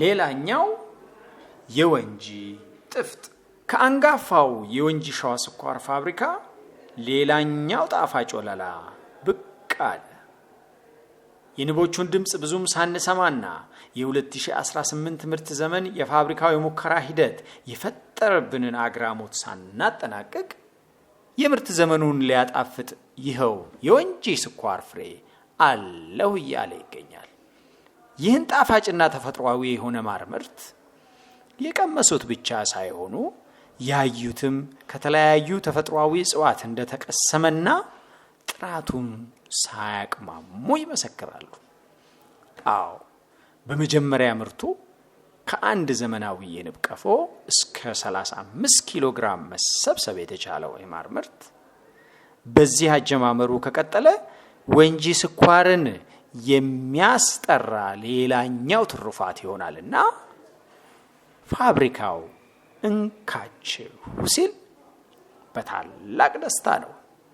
ሌላኛው የወንጂ ጥፍጥ ከአንጋፋው የወንጂ ሸዋ ስኳር ፋብሪካ ሌላኛው ጣፋጭ ወለላ ብቅ አለ። የንቦቹን ድምፅ ብዙም ሳንሰማና የ2018 ምርት ዘመን የፋብሪካው የሙከራ ሂደት የፈጠረብንን አግራሞት ሳናጠናቅቅ የምርት ዘመኑን ሊያጣፍጥ ይኸው የወንጂ ስኳር ፍሬ አለሁ እያለ ይገኛል። ይህን ጣፋጭና ተፈጥሯዊ የሆነ ማር ምርት የቀመሱት ብቻ ሳይሆኑ ያዩትም ከተለያዩ ተፈጥሯዊ እጽዋት እንደተቀሰመና ጥራቱን ሳያቅማሙ ይመሰክራሉ። አዎ በመጀመሪያ ምርቱ ከአንድ ዘመናዊ የንብ ቀፎ እስከ 35 ኪሎ ግራም መሰብሰብ የተቻለው የማር ምርት በዚህ አጀማመሩ ከቀጠለ ወንጂ ስኳርን የሚያስጠራ ሌላኛው ትሩፋት ይሆናልና ፋብሪካው እንካችሁ ሲል በታላቅ ደስታ ነው